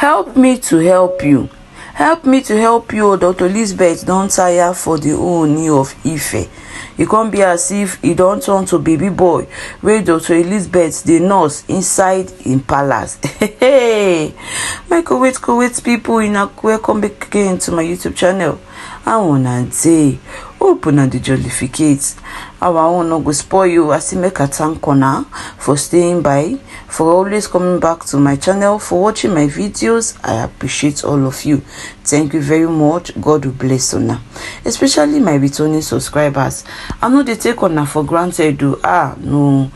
help me to help you help me to help you o oh, dr lisbeth don tire for the ooni of ife e come be as if e don turn to baby boy wey dr elizabeth dey nurse inside im palace my kowet kowet pipo una welcome back again to my youtube channel how una dey hope una dey jollificate our own no go spoil you as make i thank corner for staying by for always coming back to my channel for watching my videos i appreciate all of you thank you very much god will bless you now, especially my returning subscribers i no dey take on for granted Do ah no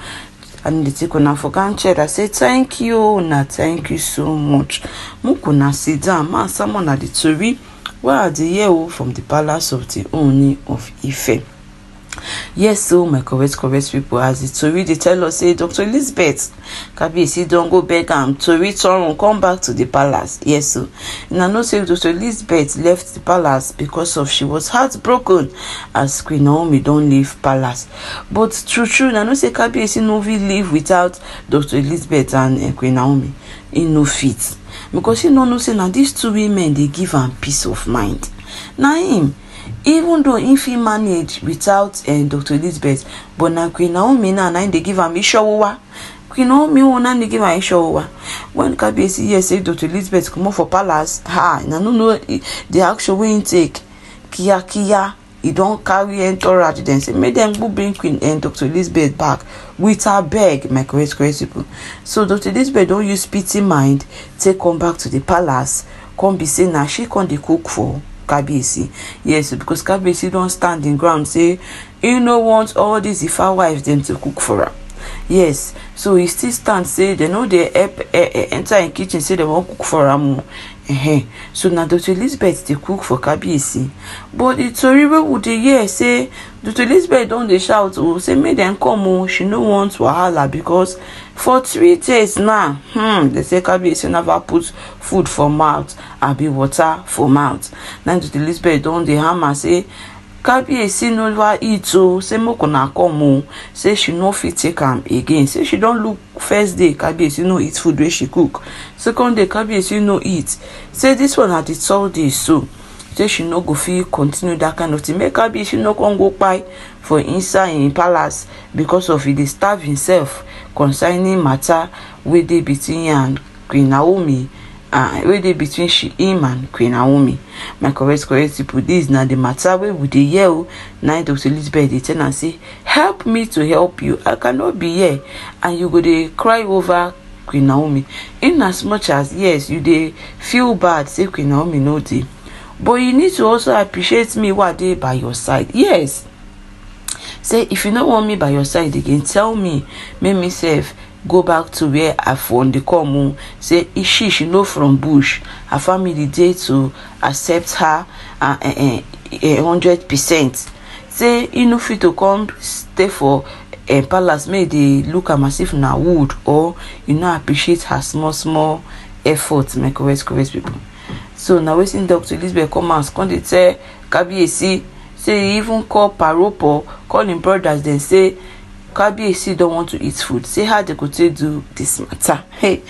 i the take on for granted i say thank you na thank you so much Mukuna sit down ma sama una the tori were Adeyew oh from the palace of the Ooni of Ife. Yes, so oh, my correct, correct people, as the Tory they tell us, say Dr. Elizabeth Kabiyesi don go beg am Tory Torun come back to the palace. Yes, so oh. una know say Dr. Elizabeth left the palace because of she was heartbroken as Queen Naomi don leave palace. But true, true, una know say Kabiyesi no fit live without Dr. Elizabeth and uh, Queen Naomi. E no fit because she no know say now these two women they give him peace of mind Now him even though if he manage without uh, eh, dr elizabeth but now queen naomi now they im dey give am isowowa queen naomi oh, own na im dey give am isowowa when kabiyesi hear say dr elizabeth comot for palace ha Now no know eh, the action wey im take kiakia. Kia e don carry enta residency make dem go bring queen and dr elizabeth back wit her beg my correct correct people. so dr elizabeth don use pity mind take come back to the palace come be say na she come dey cook for kabiyesi yes because kabiyesi don stand im ground say e no want all these ifa wives dem to cook for am yes so he still stand say they no dey help eh, eh, enter im kitchen say they wan cook for am o so na dr elizabeth dey cook for kabiyesi but di tori wey we dey hear say dr elizabeth don dey shout o say make dem come o she no want wahala because for three days now hmm dem say kabiyesi never put food for mouth abi water for mouth na dr elizabeth don dey hammer say kabiyesi nolua eat o say make una come o say she no fit take am again say she don look first day kabiyesi no eat food wey she cook second day kabiyesi no eat say this one na the third day so say she no go fit continue that kind of thing make kabiyesi no come go kpai for inside im palace because of e dey starve himself concerning matter wey dey between am and queen naomi uh, ah, wey dey between she im and queen naomi my correct correct people dis na the matter wey we dey hear o na dr elizabeth dey tell am say help me to help you i cannot be here and you go dey cry over queen naomi in as much as yes you dey feel bad say queen naomi no dey but you need to also appreciate me wey i dey by your side yes say if you no want me by your side again tell me make me sef go back to where i for dey come o say she she no from bush her family dey to accept her uh, uh, uh, a hundred percent say e no fit to come stay for palace make dey look am as if na wood or e no appreciate her small small effort my correct correct pipo so na wetin dr elizabeth comans come dey tell kabiyesi say e even call paropo call im brothers dem say kabiyesi don want to eat food say how they go take do this matter hey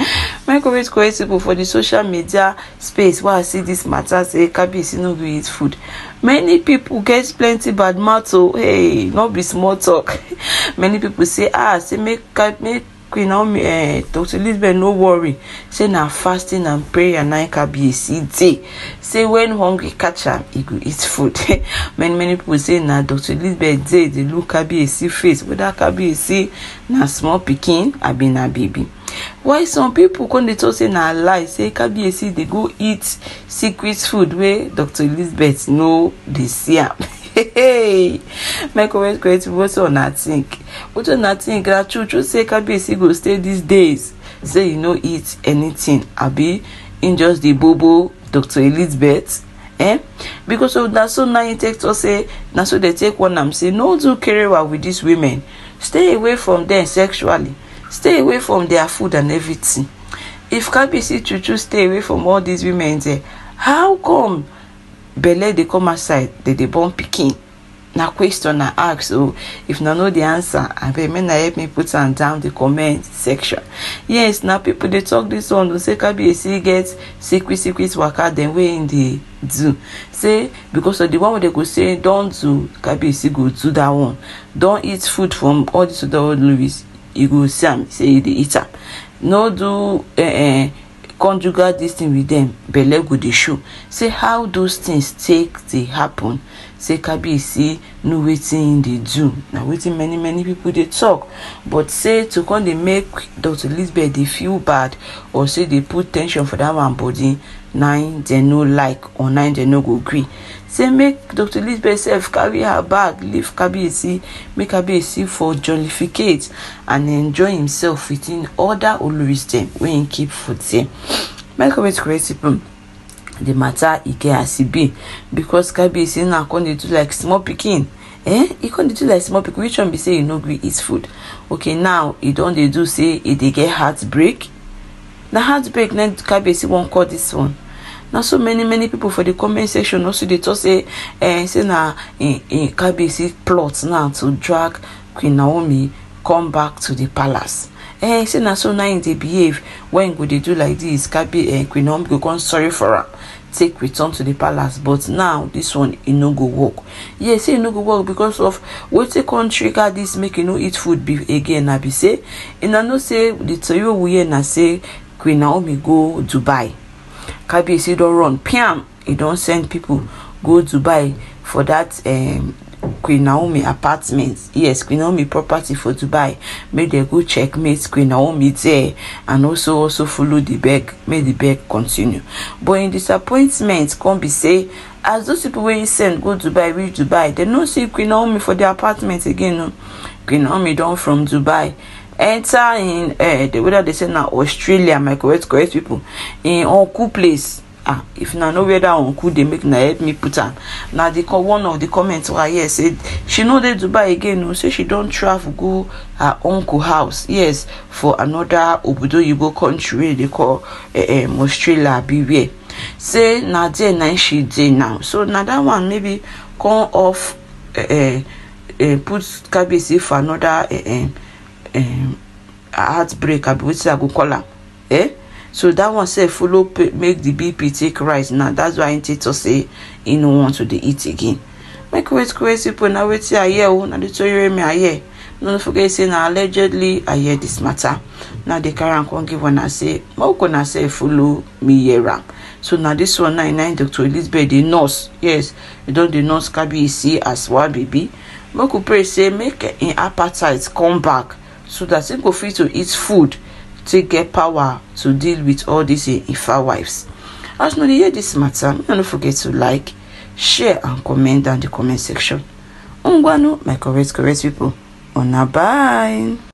my correct correct pipo for the social media space wey i see this matter say kabiyesi no go eat food many people get plenty bad mouth o oh. hey no be small talk many people say ah say make make queen naomi eh, dr elizabeth no worry say na fasting and prayer na e kabiyesi dey say when hungry catch am e go eat food many many people say na dr elizabeth dey dey look kabiyesi face whether kabiyesi na small pikin abi na baby why some people come dey talk say na lie say kabiyesi dey go eat secret food wey dr elizabeth no dey see am. Hey, michael west creative wetin una think wetin una think na true true say can kabiyesi go stay these days say you no eat anything abi im just dey bobo dr elizabeth eh because of that, so now im take talk say na so they take one. I'm say no do carry kerewa with these women stay away from them sexually stay away from their food and everything if kabiyesi true true stay away from all these women Say how come belle dey come outside dey dey born pikin na question i ask o oh, if na no the answer abeg make na help me put am down the comment section yes na people dey talk this one o oh, say kabiyesi get secret secret waka dem wey im dey do say because of the one wey dem go say don do kabiyesi go do that one don eat food from all these other old ladies you go see am say you dey eat am no do uh, uh, conjugal dis thing with dem belle go dey show say how those things take dey happen say kabiyesi know wetin im dey do na wetin many many people dey talk but say to come dey make dr elizabeth dey feel bad or say dey put ten sion for dat one body nine dem no like or nine dem no go gree say make dr elizabeth sef carry her bag leave kabiyesi make kabiyesi for jollificate and enjoy himself within other oloris dem wey im keep for there my correct correct pipo the matter e get as e be because kabiyesi now come dey do like small pikin eh e come dey do like small pikin which one be say e no gree eat food okay now e don dey do say e dey get heartbreak na heartbreak na kabiyesi wan call dis one na so many many pipo for di comment section also dey talk say eh say na eh, eh, KBC plot now to drag queen naomi come back to di palace eh say na so na im dey behave when im go dey do like this? kabi eh, queen naomi go come sorry for am take return to the palace but now this one e no go work yes say e no go work because of wetin come trigger dis make e no eat food again na be say una e know say the tori we hear na say queen naomi go dubai kabiyesi don run piam e don send pipo go dubai for dat um, queen naomi apartment yes queen naomi property for dubai make dem go check mate queen naomi there and also also follow the beg make the beg continue but im disappointment come be say as those people wey e send go dubai reach dubai dem no see queen naomi for their apartment again o queen naomi don from dubai enter in uh, the weather they say na australia my correct correct people in uncle place ah if na no weather uncle dey make na help me put am na the one of the comments wey i hear say she no dey dubai again o oh, say she don travel go her uncle house yes for another obodo oyibo country wey dey call uh, um, australia abi where say na there na she dey now so na that one maybe come off uh, uh, uh, put kabiyesi for another. Uh, uh, um, heartbreak abi wetin i go call am eh so that one sef follow make the bp take rise now that's why im take talk say he no want to dey eat again make crazy wait pipo na wetin i hear o na the tori wey me i hear no forget say na allegedly i hear this matter now dey carry am come give una say make una sef follow me hear am so na this one nine nine doctor elizabeth dey nurse yes e don dey nurse see as one baby make we pray say make im appetite come back so that him go fit to eat food take get power to deal with all these ifa wives as una dey hear this matter make una no forget to like share and comment down the comment section ngwanu my correct correct pipo una bye